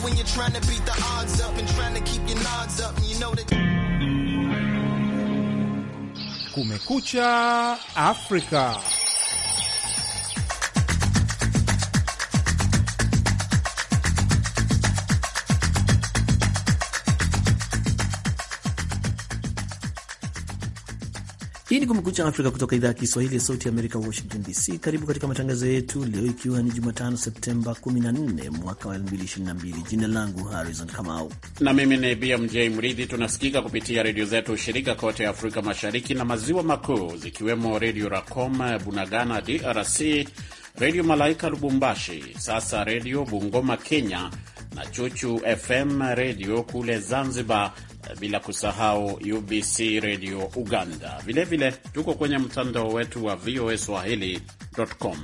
But when you're trying to beat the odds up and trying to keep your nods up, and you know that. Kumekucha Africa. Hii ni Kumekucha Afrika kutoka idhaa ya Kiswahili ya Sauti ya Amerika, Washington DC. Karibu katika matangazo yetu leo, ikiwa ni Jumatano Septemba 14 mwaka wa 2022. Jina langu Harrison Kamau na mimi ni BMJ Mridhi. Tunasikika kupitia redio zetu shirika kote Afrika Mashariki na Maziwa Makuu, zikiwemo Redio Racom Bunagana DRC, Redio Malaika Lubumbashi, Sasa Redio Bungoma Kenya na Chuchu FM Redio kule Zanzibar bila kusahau UBC Radio Uganda. Vilevile vile, tuko kwenye mtandao wetu wa voa swahili.com.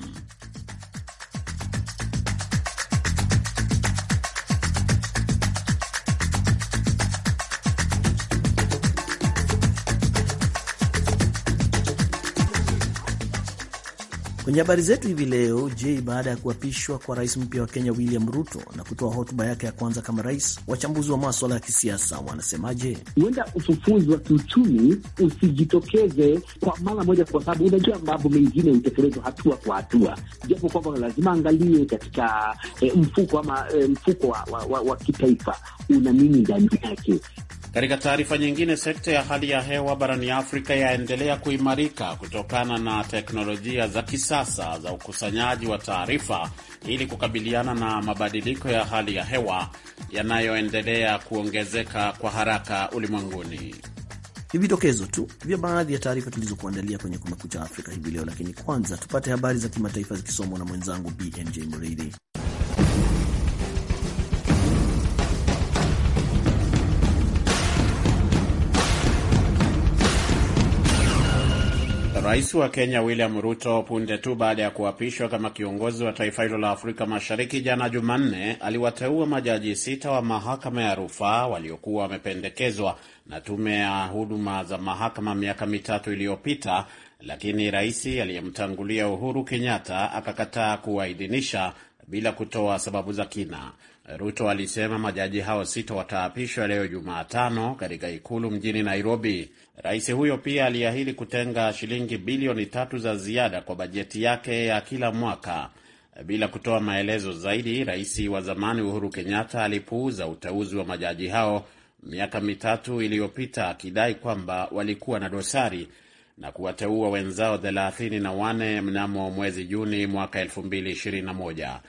Kwenye habari zetu hivi leo, je, baada ya kuapishwa kwa rais mpya wa Kenya William Ruto na kutoa hotuba yake ya kwanza kama rais, wachambuzi wa maswala ya kisiasa wanasemaje? Huenda ufufuzi wa kiuchumi usijitokeze kwa mara moja, kwa sababu unajua mambo mengine hutekelezwa hatua kwa hatua, japo kwamba lazima angalie katika eh, mfuko ama eh, mfuko wa, wa, wa, wa kitaifa una nini ndani yake katika taarifa nyingine, sekta ya hali ya hewa barani Afrika yaendelea kuimarika kutokana na teknolojia za kisasa za ukusanyaji wa taarifa ili kukabiliana na mabadiliko ya hali ya hewa yanayoendelea kuongezeka kwa haraka ulimwenguni. Ni vidokezo tu vya baadhi ya taarifa tulizokuandalia kwenye Kumekucha Afrika hivi leo, lakini kwanza tupate habari za kimataifa zikisomwa na mwenzangu BMJ Mridhi. Rais wa Kenya William Ruto punde tu baada ya kuapishwa kama kiongozi wa taifa hilo la Afrika Mashariki jana Jumanne, aliwateua majaji sita wa mahakama ya rufaa waliokuwa wamependekezwa na tume ya huduma za mahakama miaka mitatu iliyopita, lakini rais aliyemtangulia Uhuru Kenyatta akakataa kuwaidhinisha bila kutoa sababu za kina. Ruto alisema majaji hao sita wataapishwa leo Jumatano katika ikulu mjini Nairobi. Rais huyo pia aliahidi kutenga shilingi bilioni tatu za ziada kwa bajeti yake ya kila mwaka. Bila kutoa maelezo zaidi, rais wa zamani Uhuru Kenyatta alipuuza uteuzi wa majaji hao miaka mitatu iliyopita, akidai kwamba walikuwa na dosari na kuwateua wenzao thelathini na wane mnamo mwezi Juni mwaka 2021.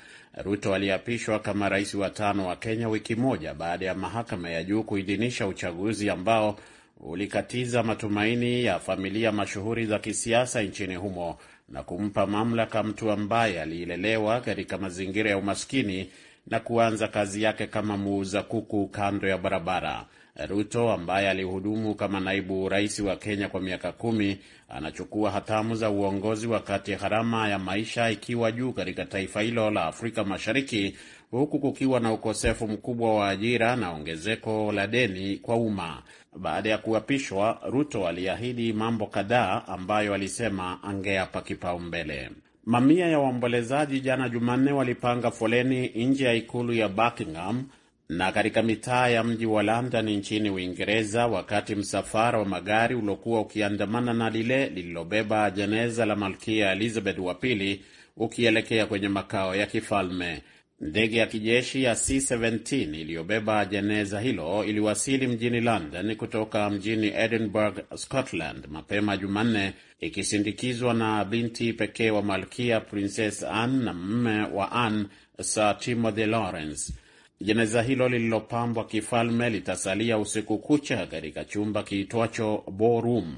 Ruto aliapishwa kama rais wa tano wa Kenya wiki moja baada ya mahakama ya juu kuidhinisha uchaguzi ambao ulikatiza matumaini ya familia mashuhuri za kisiasa nchini humo na kumpa mamlaka mtu ambaye aliilelewa katika mazingira ya umaskini na kuanza kazi yake kama muuza kuku kando ya barabara. Ruto ambaye alihudumu kama naibu rais wa Kenya kwa miaka kumi anachukua hatamu za uongozi wakati gharama ya maisha ikiwa juu katika taifa hilo la Afrika Mashariki, huku kukiwa na ukosefu mkubwa wa ajira na ongezeko la deni kwa umma. Baada ya kuapishwa, Ruto aliahidi mambo kadhaa ambayo alisema angeapa kipaumbele. Mamia ya waombolezaji jana Jumanne walipanga foleni nje ya ikulu ya Buckingham na katika mitaa ya mji wa London nchini Uingereza, wakati msafara wa magari uliokuwa ukiandamana na lile lililobeba jeneza la malkia Elizabeth wa pili ukielekea kwenye makao ya kifalme. Ndege ya kijeshi ya C-17 iliyobeba jeneza hilo iliwasili mjini London kutoka mjini Edinburgh, Scotland, mapema Jumanne, ikisindikizwa na binti pekee wa malkia Princess Anne na mme wa Anne, Sir Timothy Lawrence. Jeneza hilo lililopambwa kifalme litasalia usiku kucha katika chumba kiitwacho Borum.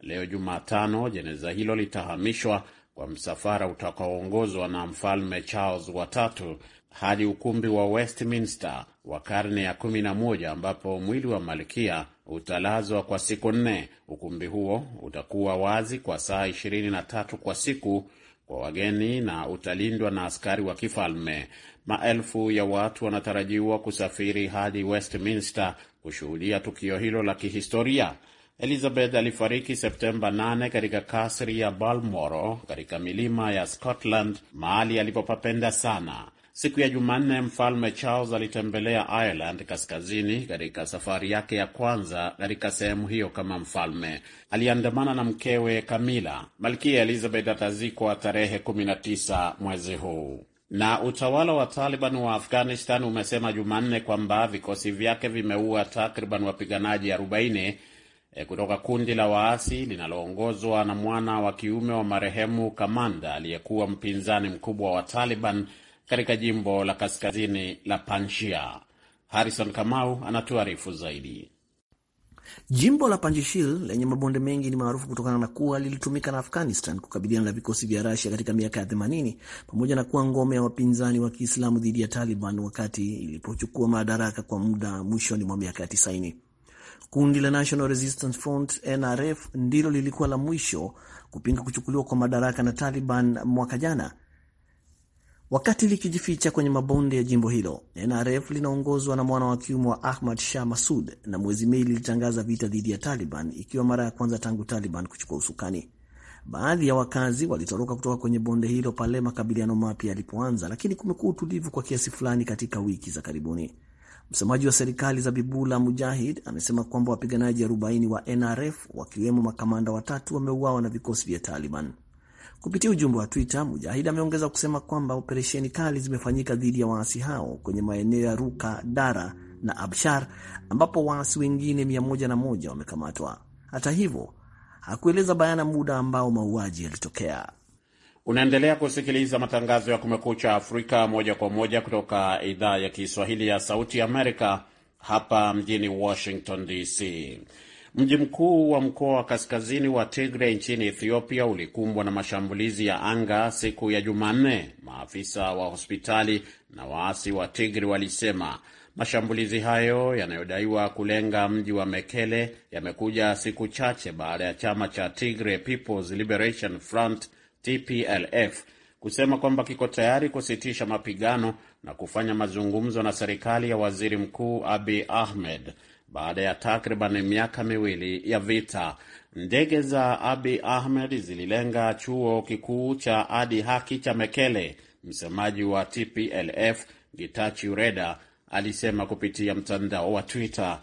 Leo Jumatano, jeneza hilo litahamishwa kwa msafara utakaoongozwa na Mfalme Charles watatu hadi ukumbi wa Westminster wa karne ya 11 ambapo mwili wa malkia utalazwa kwa siku nne. Ukumbi huo utakuwa wazi kwa saa 23 kwa siku wa wageni na utalindwa na askari wa kifalme. Maelfu ya watu wanatarajiwa kusafiri hadi Westminster kushuhudia tukio hilo la kihistoria. Elizabeth alifariki Septemba 8 katika kasri ya Balmoro katika milima ya Scotland, mahali alipopapenda sana. Siku ya Jumanne, Mfalme Charles alitembelea Ireland kaskazini katika safari yake ya kwanza katika sehemu hiyo kama mfalme. Aliandamana na mkewe Camilla. Malkia Elizabeth atazikwa tarehe 19 mwezi huu. Na utawala wa Taliban wa Afghanistan umesema Jumanne kwamba vikosi vyake vimeua takriban wapiganaji 40 eh, kutoka kundi la waasi linaloongozwa na mwana wa kiume wa marehemu kamanda aliyekuwa mpinzani mkubwa wa Taliban katika jimbo la kaskazini la Panjia. Harrison Kamau anatuarifu zaidi. Jimbo la Panjshir lenye mabonde mengi ni maarufu kutokana na kuwa lilitumika na Afghanistan kukabiliana na vikosi vya Rasia katika miaka ya 80 pamoja na kuwa ngome ya wapinzani wa Kiislamu dhidi ya Taliban wakati ilipochukua madaraka kwa muda mwishoni mwa miaka ya 90. Kundi la National Resistance Front NRF ndilo lilikuwa la mwisho kupinga kuchukuliwa kwa madaraka na Taliban mwaka jana Wakati likijificha kwenye mabonde ya jimbo hilo, NRF linaongozwa na mwana wa kiume wa Ahmad Shah Masud na mwezi Mei lilitangaza vita dhidi ya Taliban, ikiwa mara ya kwanza tangu Taliban kuchukua usukani. Baadhi ya wakazi walitoroka kutoka kwenye bonde hilo pale makabiliano mapya yalipoanza, lakini kumekuwa utulivu kwa kiasi fulani katika wiki za karibuni. Msemaji wa serikali Zabibula Mujahid amesema kwamba wapiganaji 40 wa NRF wakiwemo makamanda watatu wameuawa na vikosi vya Taliban. Kupitia ujumbe wa Twitter, Mujahid ameongeza kusema kwamba operesheni kali zimefanyika dhidi ya waasi hao kwenye maeneo ya Ruka, Dara na Abshar, ambapo waasi wengine 101 wamekamatwa. Hata hivyo, hakueleza bayana muda ambao mauaji yalitokea. Unaendelea kusikiliza matangazo ya Kumekucha Afrika moja kwa moja kutoka idhaa ya Kiswahili ya Sauti Amerika hapa mjini Washington DC. Mji mkuu wa mkoa wa kaskazini wa Tigre nchini Ethiopia ulikumbwa na mashambulizi ya anga siku ya Jumanne, maafisa wa hospitali na waasi wa Tigre walisema. Mashambulizi hayo yanayodaiwa kulenga mji wa Mekele yamekuja siku chache baada ya chama cha Tigre People's Liberation Front TPLF kusema kwamba kiko tayari kusitisha mapigano na kufanya mazungumzo na serikali ya waziri mkuu Abiy Ahmed baada ya takriban miaka miwili ya vita. Ndege za Abi Ahmed zililenga chuo kikuu cha Adi Haki cha Mekele. Msemaji wa TPLF Gitachi Ureda alisema kupitia mtandao wa Twitter.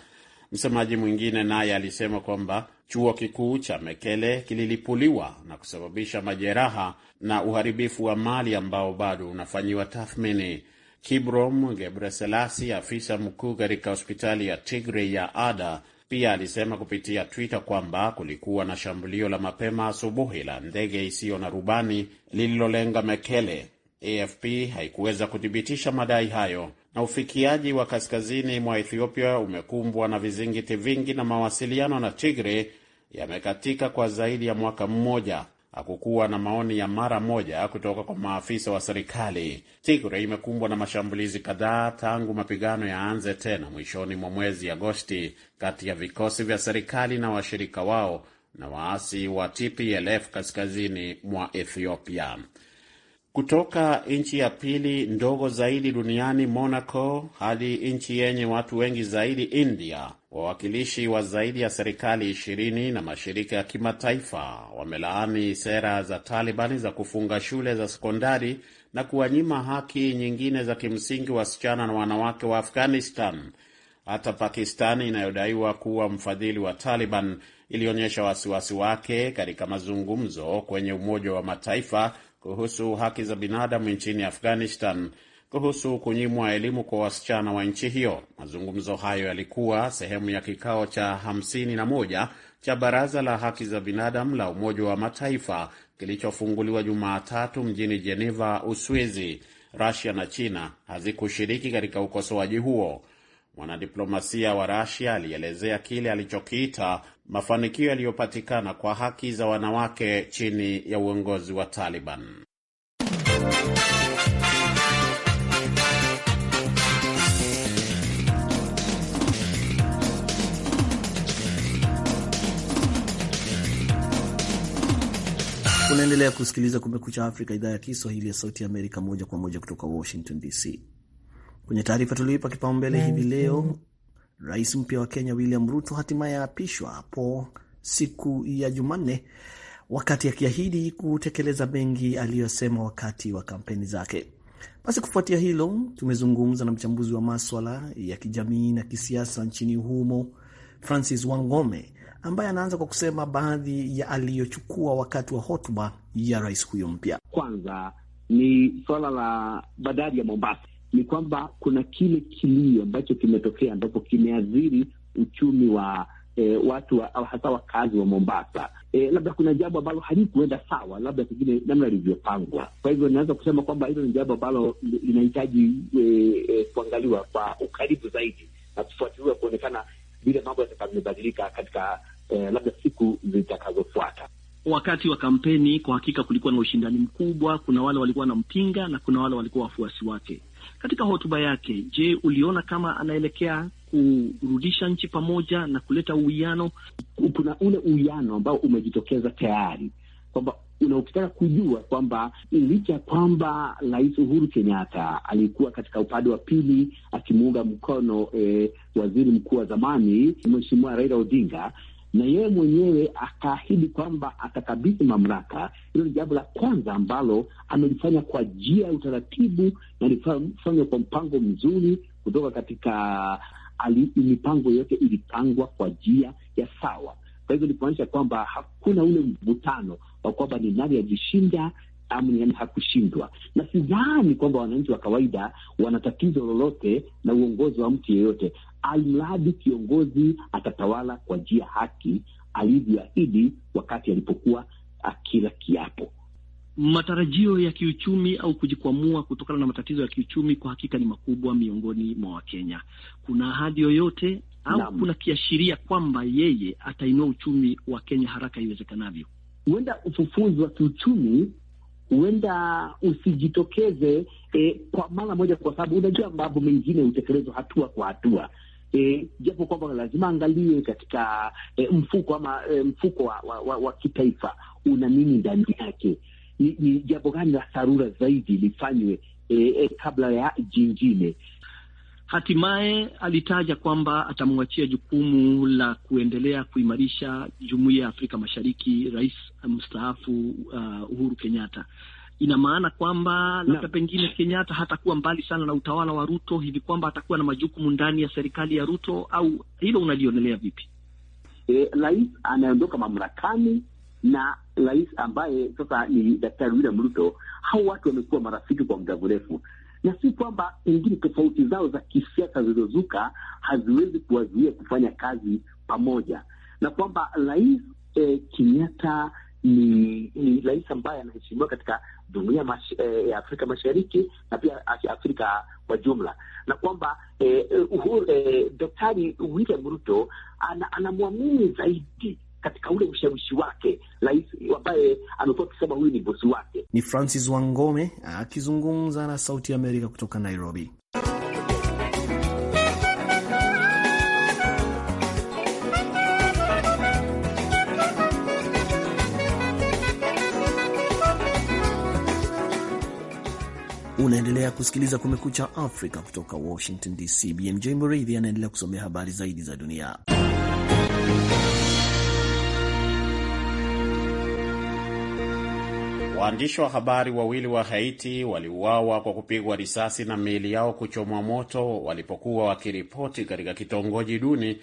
Msemaji mwingine naye alisema kwamba chuo kikuu cha Mekele kililipuliwa na kusababisha majeraha na uharibifu wa mali ambao bado unafanyiwa tathmini. Kibrom Gebreselasi, afisa mkuu katika hospitali ya Tigray ya Ada, pia alisema kupitia Twitter kwamba kulikuwa na shambulio la mapema asubuhi la ndege isiyo na rubani lililolenga Mekele. AFP haikuweza kuthibitisha madai hayo, na ufikiaji wa kaskazini mwa Ethiopia umekumbwa na vizingiti vingi na mawasiliano na Tigre yamekatika kwa zaidi ya mwaka mmoja hakukuwa na maoni ya mara moja kutoka kwa maafisa wa serikali. tigre imekumbwa na mashambulizi kadhaa tangu mapigano yaanze tena mwishoni mwa mwezi Agosti kati ya vikosi vya serikali na washirika wao na waasi wa TPLF kaskazini mwa Ethiopia. Kutoka nchi ya pili ndogo zaidi duniani Monaco hadi nchi yenye watu wengi zaidi India, Wawakilishi wa zaidi ya serikali ishirini na mashirika ya kimataifa wamelaani sera za Taliban za kufunga shule za sekondari na kuwanyima haki nyingine za kimsingi wasichana na wanawake wa Afghanistan. Hata Pakistani inayodaiwa kuwa mfadhili wa Taliban ilionyesha wasiwasi wake katika mazungumzo kwenye Umoja wa Mataifa kuhusu haki za binadamu nchini Afghanistan kuhusu kunyimwa elimu kwa wasichana wa nchi hiyo. Mazungumzo hayo yalikuwa sehemu ya kikao cha 51 cha Baraza la Haki za Binadamu la Umoja wa Mataifa kilichofunguliwa Jumatatu mjini Jeneva, Uswizi. Rusia na China hazikushiriki katika ukosoaji huo. Mwanadiplomasia wa Rusia alielezea kile alichokiita mafanikio yaliyopatikana kwa haki za wanawake chini ya uongozi wa Taliban. Unaendelea kusikiliza Kumekucha Afrika, idhaa ya Kiswahili ya Sauti ya Amerika, moja kwa moja kutoka Washington DC. Kwenye taarifa tulioipa kipaumbele hivi leo, rais mpya wa Kenya William Ruto hatimaye aapishwa hapo siku ya Jumanne, wakati akiahidi kutekeleza mengi aliyosema wakati wa kampeni zake. Basi kufuatia hilo, tumezungumza na mchambuzi wa maswala ya kijamii na kisiasa nchini humo Francis Wangome ambaye anaanza kwa kusema baadhi ya aliyochukua wakati wa hotuba ya rais huyo mpya. Kwanza ni suala la bandari ya Mombasa, ni kwamba kuna kile kilio ambacho kimetokea ambapo kimeathiri uchumi wa E, watu wa, hasa wakazi wa Mombasa e, labda kuna jambo ambalo halikuenda sawa, labda pengine namna ilivyopangwa. Kwa hivyo naweza kusema kwamba hilo ni jambo ambalo linahitaji e, e, kuangaliwa kwa ukaribu zaidi na kufuatiliwa kuonekana vile mambo yatakavyobadilika katika eh, labda siku zitakazofuata. Wakati wa kampeni kwa hakika kulikuwa na ushindani mkubwa. Kuna wale walikuwa wanampinga na kuna wale walikuwa wafuasi wake. Katika hotuba yake, je, uliona kama anaelekea kurudisha nchi pamoja na kuleta uwiano? Kuna ule uwiano ambao umejitokeza tayari kwamba na ukitaka kujua kwamba licha ya kwamba Rais Uhuru Kenyatta alikuwa katika upande wa pili akimuunga mkono e, waziri mkuu wa zamani Mheshimiwa Raila Odinga, na yeye mwenyewe akaahidi kwamba atakabidhi mamlaka. Hilo ni jambo la kwanza ambalo amelifanya kwa njia ya utaratibu na lifanywa kwa mpango mzuri kutoka katika ali, mipango yote ilipangwa kwa njia ya sawa. Kwa hivyo ni kuonyesha kwamba hakuna ule mvutano wa kwamba ni nani yajishinda amu ni nani hakushindwa, na sidhani kwamba wananchi wa kawaida wana tatizo lolote na uongozi wa mtu yeyote almradi kiongozi atatawala kwa njia haki alivyoahidi wakati alipokuwa akila kiapo. Matarajio ya kiuchumi au kujikwamua kutokana na matatizo ya kiuchumi kwa hakika ni makubwa miongoni mwa Wakenya. Kuna ahadi yoyote au Nam. kuna kiashiria kwamba yeye atainua uchumi wa Kenya haraka iwezekanavyo? Huenda ufufuzi wa kiuchumi huenda usijitokeze eh, kwa mara moja, kwa sababu unajua mambo mengine hutekelezwa hatua kwa hatua e, japo kwamba lazima angalie katika e, mfuko ama e, mfuko wa, wa, wa, wa kitaifa una nini ndani yake. Ni, ni jambo gani la dharura zaidi lifanywe e, e, kabla ya jingine. Hatimaye alitaja kwamba atamwachia jukumu la kuendelea kuimarisha jumuiya ya Afrika Mashariki rais mstaafu uh, Uhuru Kenyatta ina maana kwamba labda pengine Kenyatta hatakuwa mbali sana na utawala wa Ruto hivi kwamba atakuwa na majukumu ndani ya serikali ya Ruto, au hilo unalionelea vipi? E, rais anaondoka mamlakani na rais ambaye sasa ni Daktari William Ruto, hao watu wamekuwa marafiki kwa muda mrefu, na si kwamba pengine tofauti zao za kisiasa zilizozuka haziwezi kuwazuia kufanya kazi pamoja, na kwamba rais e, Kenyatta ni ni rais ambaye anaheshimiwa katika jumuia eh, ya Afrika Mashariki na pia Afrika kwa jumla, na kwamba eh, eh, Daktari William Ruto anamwamini ana zaidi katika ule ushawishi wake rais ambaye amekuwa akisema huyu ni bosi wake. Ni Francis Wangome akizungumza na Sauti ya Amerika kutoka Nairobi. Unaendelea kusikiliza Kumekucha Afrika kutoka Washington DC. BMJ Muridhi anaendelea kusomea habari zaidi za dunia. Waandishi wa habari wawili wa Haiti waliuawa kwa kupigwa risasi na miili yao kuchomwa moto walipokuwa wakiripoti katika kitongoji duni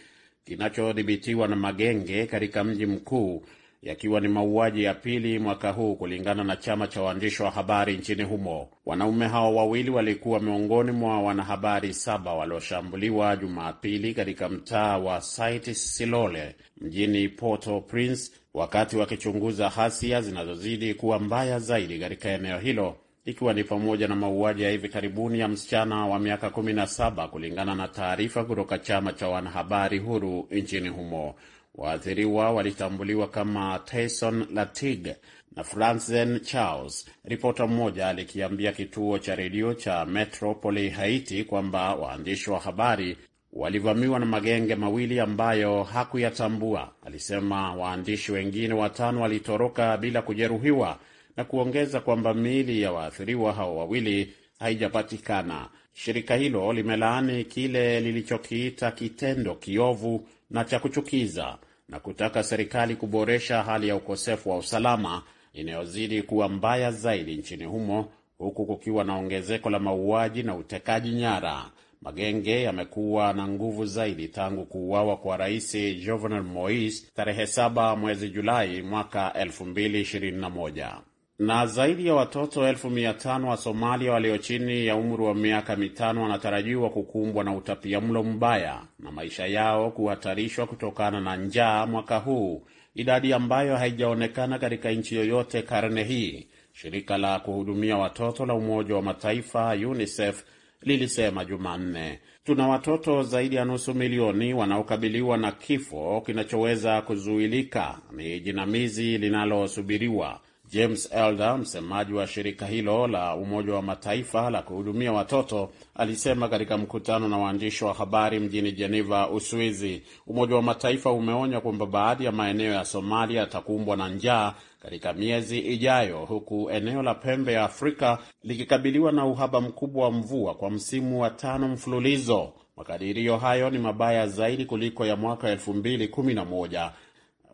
kinachodhibitiwa na magenge katika mji mkuu yakiwa ni mauaji ya pili mwaka huu kulingana na chama cha waandishi wa habari nchini humo. Wanaume hao wawili walikuwa miongoni mwa wanahabari saba walioshambuliwa Jumapili katika mtaa wa Site Silole mjini porto prince wakati wakichunguza hasia zinazozidi kuwa mbaya zaidi katika eneo hilo ikiwa ni pamoja na mauaji ya hivi karibuni ya msichana wa miaka 17 kulingana na taarifa kutoka chama cha wanahabari huru nchini humo. Waathiriwa walitambuliwa kama Tyson Latig na Francen Charles. Ripota mmoja alikiambia kituo cha redio cha Metropoli Haiti kwamba waandishi wa habari walivamiwa na magenge mawili ambayo hakuyatambua. Alisema waandishi wengine watano walitoroka bila kujeruhiwa na kuongeza kwamba miili ya waathiriwa hao wawili haijapatikana. Shirika hilo limelaani kile lilichokiita kitendo kiovu na cha kuchukiza na kutaka serikali kuboresha hali ya ukosefu wa usalama inayozidi kuwa mbaya zaidi nchini humo huku kukiwa na ongezeko la mauaji na utekaji nyara. Magenge yamekuwa na nguvu zaidi tangu kuuawa kwa Rais Jovenel Moise tarehe 7 mwezi Julai mwaka 2021 na zaidi ya watoto elfu mia tano wa Somalia walio chini ya umri wa miaka mitano wanatarajiwa kukumbwa na utapiamlo mbaya na maisha yao kuhatarishwa kutokana na njaa mwaka huu, idadi ambayo haijaonekana katika nchi yoyote karne hii. Shirika la kuhudumia watoto la Umoja wa Mataifa UNICEF lilisema Jumanne, tuna watoto zaidi ya nusu milioni wanaokabiliwa na kifo kinachoweza kuzuilika, ni jinamizi linalosubiriwa James Elder, msemaji wa shirika hilo la Umoja wa Mataifa la kuhudumia watoto, alisema katika mkutano na waandishi wa habari mjini Geneva, Uswizi. Umoja wa Mataifa umeonya kwamba baadhi ya maeneo ya Somalia yatakumbwa na njaa katika miezi ijayo, huku eneo la pembe ya Afrika likikabiliwa na uhaba mkubwa wa mvua kwa msimu wa tano mfululizo. Makadirio hayo ni mabaya zaidi kuliko ya mwaka 2011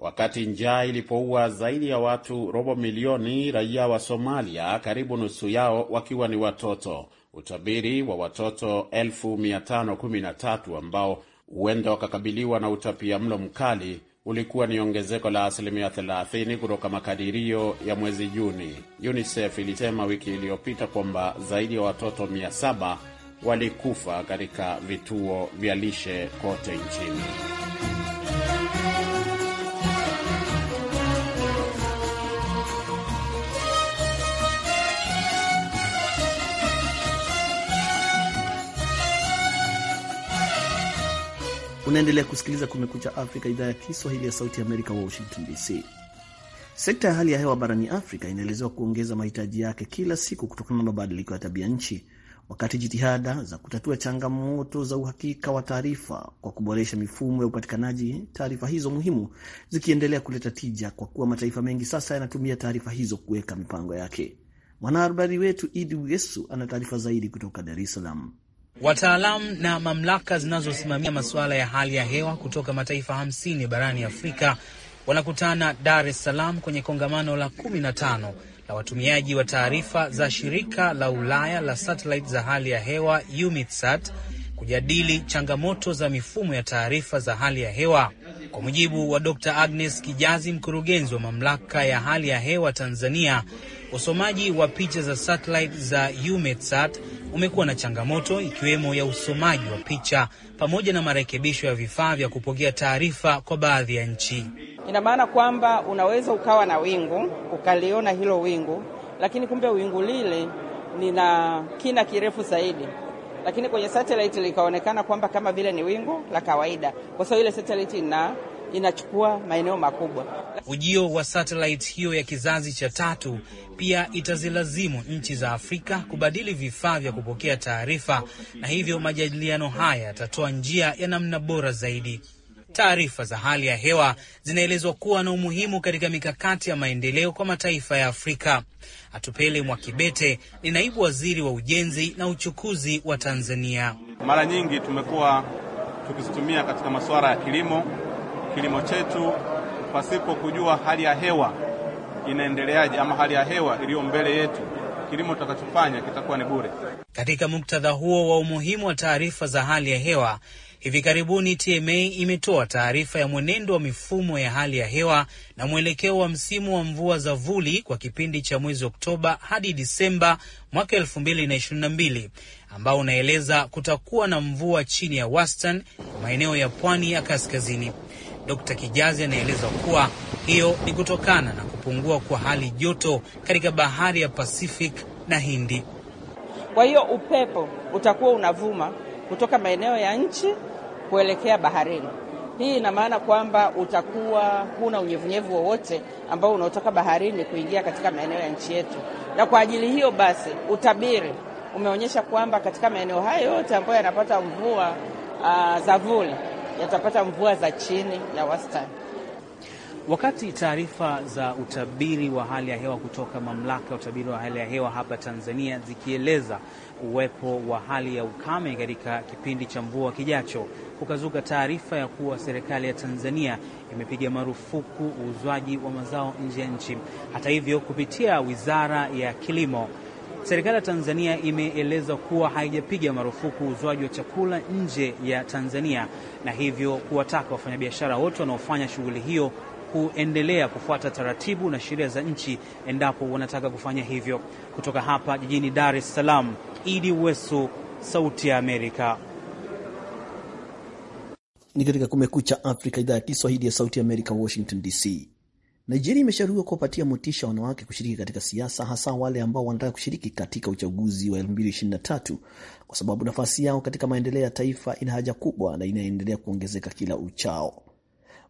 wakati njaa ilipoua zaidi ya watu robo milioni raia wa Somalia, karibu nusu yao wakiwa ni watoto. Utabiri wa watoto 513 ambao huenda wakakabiliwa na utapia mlo mkali ulikuwa ni ongezeko la asilimia 30 kutoka makadirio ya mwezi Juni. UNICEF ilisema wiki iliyopita kwamba zaidi ya watoto 700 walikufa katika vituo vya lishe kote nchini. Unaendelea kusikiliza Kumekucha Afrika, idhaa ya Kiswahili ya Sauti ya Amerika, Washington DC. Sekta ya hali ya hewa barani Afrika inaelezewa kuongeza mahitaji yake kila siku kutokana na mabadiliko ya tabia nchi, wakati jitihada za kutatua changamoto za uhakika wa taarifa kwa kuboresha mifumo ya upatikanaji taarifa hizo muhimu zikiendelea kuleta tija, kwa kuwa mataifa mengi sasa yanatumia taarifa hizo kuweka mipango yake. Mwanahabari wetu Idi Ugesu ana taarifa zaidi kutoka Dar es Salaam. Wataalamu na mamlaka zinazosimamia masuala ya hali ya hewa kutoka mataifa hamsini barani Afrika wanakutana Dar es Salaam kwenye kongamano la kumi na tano la watumiaji wa taarifa za shirika la Ulaya la satellite za hali ya hewa EUMETSAT kujadili changamoto za mifumo ya taarifa za hali ya hewa. Kwa mujibu wa Dr. Agnes Kijazi, mkurugenzi wa mamlaka ya hali ya hewa Tanzania, usomaji wa picha za satellite za EUMETSAT umekuwa na changamoto ikiwemo ya usomaji wa picha pamoja na marekebisho ya vifaa vya kupokea taarifa kwa baadhi ya nchi. Ina maana kwamba unaweza ukawa na wingu ukaliona hilo wingu, lakini kumbe wingu lile lina kina kirefu zaidi lakini kwenye satellite likaonekana kwamba kama vile ni wingu la kawaida, kwa sababu ile satellite ina inachukua maeneo makubwa. Ujio wa satellite hiyo ya kizazi cha tatu pia itazilazimu nchi za Afrika kubadili vifaa vya kupokea taarifa, na hivyo majadiliano haya yatatoa njia ya namna bora zaidi. Taarifa za hali ya hewa zinaelezwa kuwa na umuhimu katika mikakati ya maendeleo kwa mataifa ya Afrika. Atupele Mwakibete ni naibu waziri wa ujenzi na uchukuzi wa Tanzania. Mara nyingi tumekuwa tukizitumia katika masuala ya kilimo kilimo chetu pasipo kujua hali ya hewa inaendeleaje ama hali ya hewa iliyo mbele yetu, kilimo tutakachofanya kitakuwa ni bure. Katika muktadha huo wa umuhimu wa taarifa za hali ya hewa, hivi karibuni TMA imetoa taarifa ya mwenendo wa mifumo ya hali ya hewa na mwelekeo wa msimu wa mvua za vuli kwa kipindi cha mwezi Oktoba hadi Disemba mwaka 2022 ambao unaeleza kutakuwa na mvua chini ya wastani kwa maeneo ya pwani ya kaskazini. Dkt. Kijazi anaeleza kuwa hiyo ni kutokana na kupungua kwa hali joto katika bahari ya Pacific na Hindi. Kwa hiyo upepo utakuwa unavuma kutoka maeneo ya nchi kuelekea baharini. Hii ina maana kwamba utakuwa huna unyevunyevu wowote ambao unaotoka baharini kuingia katika maeneo ya nchi yetu, na kwa ajili hiyo basi utabiri umeonyesha kwamba katika maeneo hayo yote ambayo yanapata mvua uh, za vuli yatapata mvua za chini na wastani. Wakati taarifa za utabiri wa hali ya hewa kutoka mamlaka ya utabiri wa hali ya hewa hapa Tanzania zikieleza uwepo wa hali ya ukame katika kipindi cha mvua kijacho, kukazuka taarifa ya kuwa serikali ya Tanzania imepiga marufuku uuzwaji wa mazao nje ya nchi. Hata hivyo, kupitia Wizara ya Kilimo Serikali ya Tanzania imeeleza kuwa haijapiga marufuku uuzwaji wa chakula nje ya Tanzania na hivyo kuwataka wafanyabiashara wote wanaofanya shughuli hiyo kuendelea kufuata taratibu na sheria za nchi endapo wanataka kufanya hivyo. Kutoka hapa jijini Dar es Salaam, Idi wesu Sauti ya Amerika. Ni katika Kumekucha Afrika, idhaa ya Kiswahili ya Sauti ya Amerika, Washington DC. Nigeria imeshauriwa kuwapatia motisha wanawake kushiriki katika siasa, hasa wale ambao wanataka kushiriki katika uchaguzi wa 2023 kwa sababu nafasi yao katika maendeleo ya taifa ina haja kubwa na inaendelea kuongezeka kila uchao.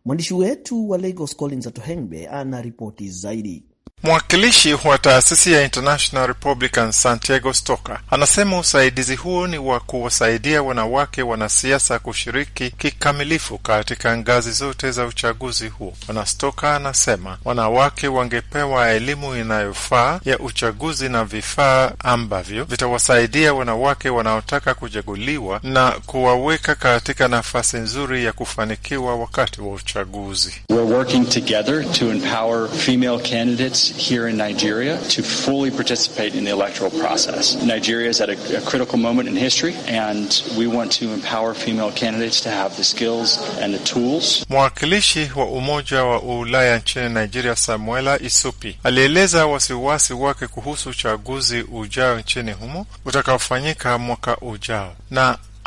Mwandishi wetu wa Lagos Collins Atohengbe ana ripoti zaidi. Mwakilishi wa taasisi ya International Republican Santiago Stoker anasema usaidizi huo ni wa kuwasaidia wanawake wanasiasa kushiriki kikamilifu katika ngazi zote za uchaguzi huo. Bwana Stoker anasema wanawake wangepewa elimu inayofaa ya uchaguzi na vifaa ambavyo vitawasaidia wanawake wanaotaka kuchaguliwa na kuwaweka katika nafasi nzuri ya kufanikiwa wakati wa uchaguzi. We're working together to empower female candidates here in Nigeria to fully participate in the electoral process. Nigeria is at a, a critical moment in history, and we want to empower female candidates to have the skills and the tools. Mwakilishi wa Umoja wa Ulaya nchini Nigeria, Samuela Isupi, alieleza wasiwasi wake kuhusu uchaguzi ujao nchini humo utakaofanyika mwaka ujao na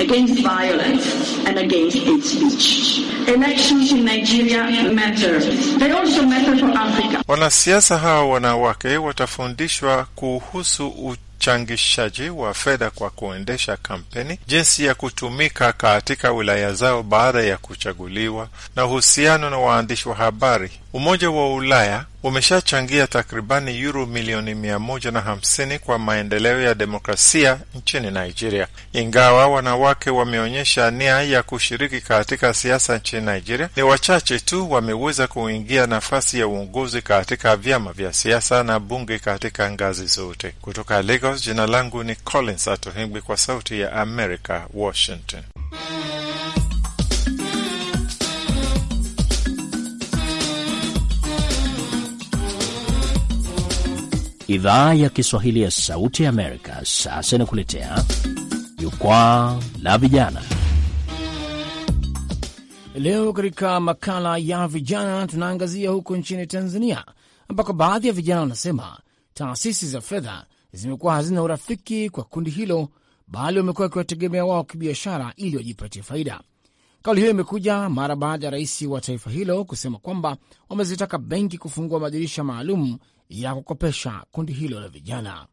against violence and against hate speech. Elections in Nigeria matter. They also matter for Africa. Wanasiasa hawa wanawake watafundishwa kuhusu changishaji wa fedha kwa kuendesha kampeni, jinsi ya kutumika katika wilaya zao baada ya kuchaguliwa, na uhusiano na waandishi wa habari Umoja wa Ulaya umeshachangia takribani yuro milioni mia moja na hamsini kwa maendeleo ya demokrasia nchini Nigeria. Ingawa wanawake wameonyesha nia ya kushiriki katika siasa nchini Nigeria, ni wachache tu wameweza kuingia nafasi ya uongozi katika vyama vya siasa na bunge katika ngazi zote. Kutoka Lagos, jina langu ni Collins Atohengwi, kwa Sauti ya America, Washington. Idhaa ya Kiswahili ya Sauti ya Amerika sasa inakuletea jukwaa la vijana. Leo katika makala ya vijana tunaangazia huko nchini Tanzania, ambako baadhi ya vijana wanasema taasisi za fedha zimekuwa hazina urafiki kwa kundi hilo, bali wamekuwa wakiwategemea wao kibiashara ili wajipatie faida. Kauli hiyo imekuja mara baada ya rais wa taifa hilo kusema kwamba wamezitaka benki kufungua madirisha maalum ya kukopesha kundi hilo la vijana.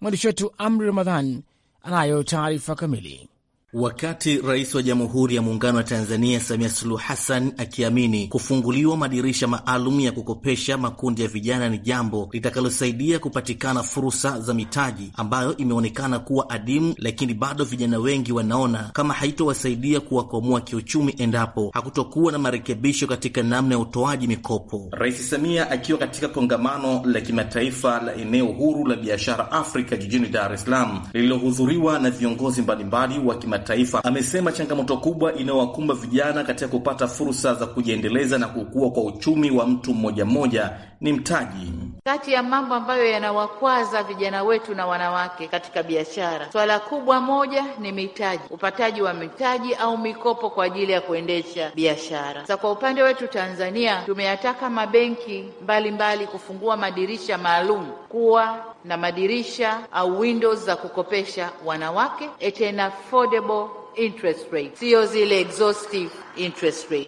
Mwandishi wetu Amri Ramadhan anayo taarifa kamili. Wakati Rais wa Jamhuri ya Muungano wa Tanzania Samia Suluhu Hassan akiamini kufunguliwa madirisha maalum ya kukopesha makundi ya vijana ni jambo litakalosaidia kupatikana fursa za mitaji ambayo imeonekana kuwa adimu, lakini bado vijana wengi wanaona kama haitowasaidia kuwakwamua kiuchumi endapo hakutokuwa na marekebisho katika namna ya utoaji mikopo. Rais Samia akiwa katika kongamano la kimataifa la eneo huru la biashara Afrika jijini Dar es Salaam lililohudhuriwa na viongozi mbalimbali wa kima na taifa, amesema changamoto kubwa inayowakumba vijana katika kupata fursa za kujiendeleza na kukua kwa uchumi wa mtu mmoja mmoja ni mtaji. Kati ya mambo ambayo yanawakwaza vijana wetu na wanawake katika biashara, swala kubwa moja ni mitaji, upataji wa mitaji au mikopo kwa ajili ya kuendesha biashara. Sasa kwa upande wetu Tanzania, tumeyataka mabenki mbalimbali mbali kufungua madirisha maalum kuwa na madirisha au windows za kukopesha wanawake at an affordable interest rate, sio zile exhaustive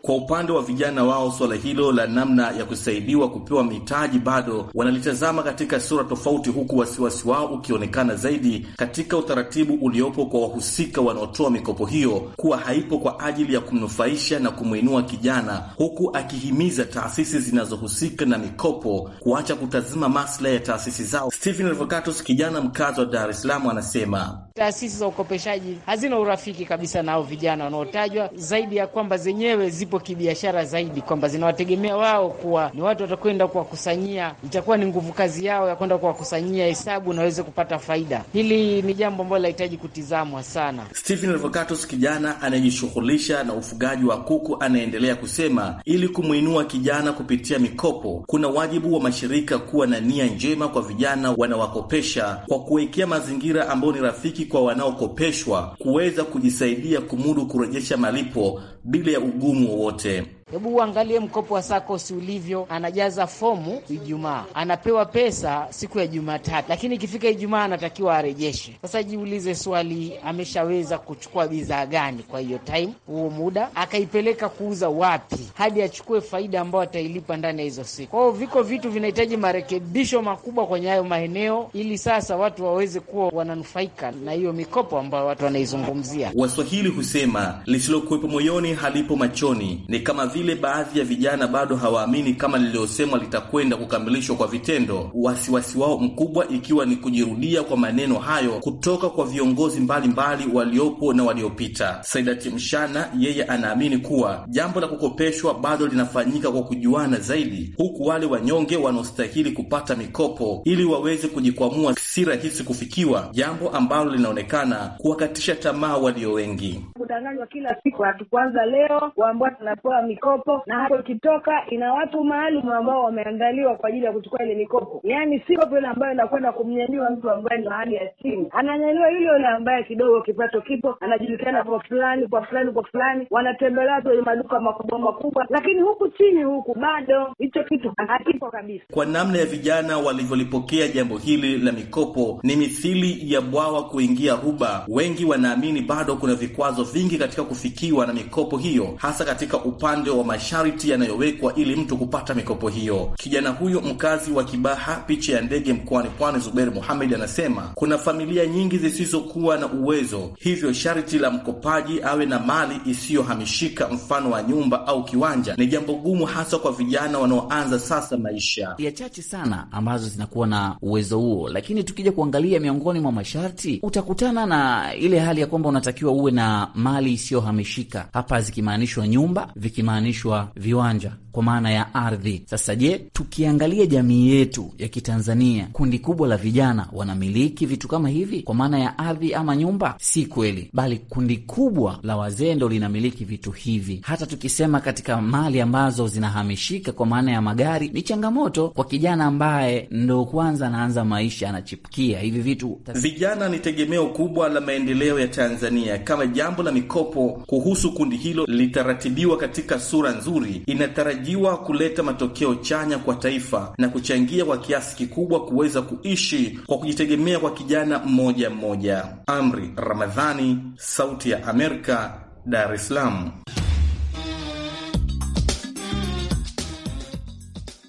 kwa upande wa vijana wao, suala hilo la namna ya kusaidiwa kupewa mitaji bado wanalitazama katika sura tofauti, huku wasiwasi wao ukionekana zaidi katika utaratibu uliopo kwa wahusika wanaotoa mikopo hiyo kuwa haipo kwa ajili ya kumnufaisha na kumwinua kijana, huku akihimiza taasisi zinazohusika na mikopo kuacha kutazama maslahi ya taasisi zao. Stephen Advocatus, kijana mkazi wa Dar es Salaam, anasema taasisi za ukopeshaji hazina urafiki kabisa nao vijana wanaotajwa, zaidi ya kwamba zenyewe zipo kibiashara zaidi, kwamba zinawategemea wao kuwa ni watu watakwenda kuwakusanyia, itakuwa ni nguvu kazi yao ya kwenda kuwakusanyia hesabu na waweze kupata faida. Hili ni jambo ambalo linahitaji kutizamwa sana. Stephen Revocatus, kijana anayejishughulisha na ufugaji wa kuku, anaendelea kusema ili kumwinua kijana kupitia mikopo, kuna wajibu wa mashirika kuwa na nia njema kwa vijana wanawakopesha, kwa kuwekea mazingira ambayo ni rafiki kwa wanaokopeshwa kuweza kujisaidia kumudu kurejesha malipo bila bila ya ugumu wowote. Hebu uangalie mkopo wa SACCOS ulivyo, anajaza fomu Ijumaa, anapewa pesa siku ya Jumatatu, lakini ikifika Ijumaa anatakiwa arejeshe. Sasa jiulize swali, ameshaweza kuchukua bidhaa gani kwa hiyo time, huo muda, akaipeleka kuuza wapi, hadi achukue faida ambayo atailipa ndani ya hizo siku. Kwa hiyo viko vitu vinahitaji marekebisho makubwa kwenye hayo maeneo, ili sasa watu waweze kuwa wananufaika na hiyo mikopo ambayo watu wanaizungumzia. Waswahili husema lisilokuwepo moyoni halipo machoni, ni kama vile baadhi ya vijana bado hawaamini kama lililosemwa litakwenda kukamilishwa kwa vitendo, wasiwasi wao mkubwa ikiwa ni kujirudia kwa maneno hayo kutoka kwa viongozi mbalimbali mbali waliopo na waliopita. saidati Mshana yeye anaamini kuwa jambo la kukopeshwa bado linafanyika kwa kujuana zaidi, huku wale wanyonge wanaostahili kupata mikopo ili waweze kujikwamua si rahisi kufikiwa, jambo ambalo linaonekana kuwakatisha tamaa walio wengi. Kudanganywa kila siku, hatukuanza leo kuambiwa tunapewa mikopo mikopo, na hapo ikitoka ina watu maalum ambao wameandaliwa kwa ajili ya kuchukua ile mikopo. Yaani si kopo ile ambayo inakwenda kumnyanyua mtu ambaye ni hali ya chini, ananyanyua yule yule ambaye kidogo kipato kipo, anajulikana kwa fulani kwa fulani kwa fulani, wanatembelea wenye maduka makubwa makubwa, lakini huku chini huku bado hicho kitu hakipo kabisa. Kwa namna ya vijana walivyolipokea jambo hili la mikopo, ni mithili ya bwawa kuingia ruba. Wengi wanaamini bado kuna vikwazo vingi katika kufikiwa na mikopo hiyo, hasa katika upande wa masharti yanayowekwa ili mtu kupata mikopo hiyo. Kijana huyo mkazi wa Kibaha, picha ya ndege mkoani Pwani, Zuberi Muhamed, anasema kuna familia nyingi zisizokuwa na uwezo, hivyo sharti la mkopaji awe na mali isiyohamishika, mfano wa nyumba au kiwanja, ni jambo gumu, hasa kwa vijana wanaoanza sasa maisha. Ya chache sana ambazo zinakuwa na uwezo huo, lakini tukija kuangalia miongoni mwa masharti utakutana na ile hali ya kwamba unatakiwa uwe na mali isiyohamishika, hapa zikimaanishwa nyumba, vikimaanishwa kugawanishwa viwanja kwa maana ya ardhi. Sasa je, tukiangalia jamii yetu ya Kitanzania, kundi kubwa la vijana wanamiliki vitu kama hivi kwa maana ya ardhi ama nyumba? Si kweli, bali kundi kubwa la wazee ndo linamiliki vitu hivi. Hata tukisema katika mali ambazo zinahamishika kwa maana ya magari, ni changamoto kwa kijana ambaye ndo kwanza anaanza maisha, anachipukia hivi vitu. Vijana ni tegemeo kubwa la maendeleo ya Tanzania. Kama jambo la mikopo kuhusu kundi hilo litaratibiwa katika su sura nzuri inatarajiwa kuleta matokeo chanya kwa taifa na kuchangia kwa kiasi kikubwa kuweza kuishi kwa kujitegemea kwa kijana mmoja mmoja. Amri Ramadhani, Sauti ya Amerika, Dar es Salaam.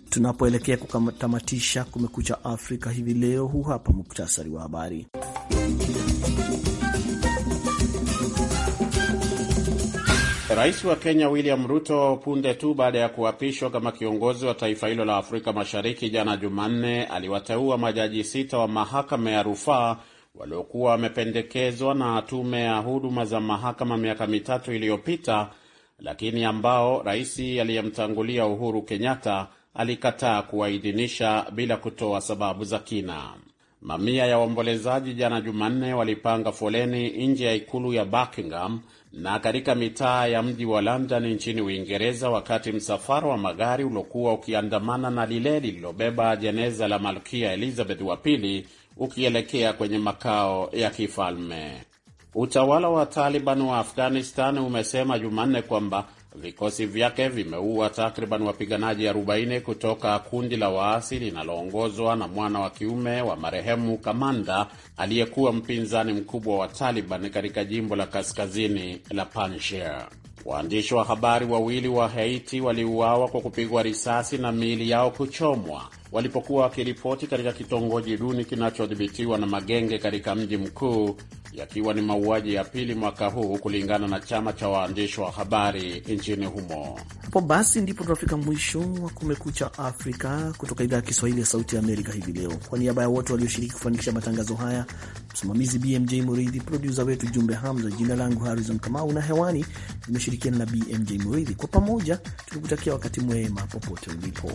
Tunapoelekea kutamatisha Kumekucha Afrika hivi leo, huu hapa muktasari wa habari. Rais wa Kenya William Ruto punde tu baada ya kuapishwa kama kiongozi wa taifa hilo la Afrika Mashariki jana Jumanne, aliwateua majaji sita wa mahakama ya rufaa waliokuwa wamependekezwa na tume ya huduma za mahakama miaka mitatu iliyopita, lakini ambao rais aliyemtangulia Uhuru Kenyatta alikataa kuwaidhinisha bila kutoa sababu za kina. Mamia ya waombolezaji jana Jumanne walipanga foleni nje ya ikulu ya Buckingham na katika mitaa ya mji wa London nchini Uingereza, wakati msafara wa magari uliokuwa ukiandamana na lile lililobeba jeneza la Malkia Elizabeth wa pili ukielekea kwenye makao ya kifalme. Utawala wa Taliban wa Afghanistan umesema Jumanne kwamba Vikosi vyake vimeua takriban wapiganaji 40 kutoka kundi la waasi linaloongozwa na mwana wa kiume wa marehemu kamanda aliyekuwa mpinzani mkubwa wa Taliban katika jimbo la kaskazini la Panjshir. Waandishi wa habari wawili wa Haiti waliuawa kwa kupigwa risasi na miili yao kuchomwa walipokuwa wakiripoti katika kitongoji duni kinachodhibitiwa na magenge katika mji mkuu, yakiwa ni mauaji ya pili mwaka huu, kulingana na chama cha waandishi wa habari nchini humo. Hapo basi ndipo tunafika mwisho wa Kumekucha Afrika kutoka idhaa ya Kiswahili ya Sauti ya Amerika hivi leo. Kwa niaba ya wote walioshiriki kufanikisha matangazo haya, msimamizi BMJ Muridhi, produsa wetu Jumbe Hamza, jina langu Harrison Kamau na hewani imeshirikiana na BMJ Muridhi. Kwa pamoja tukikutakia wakati mwema popote ulipo.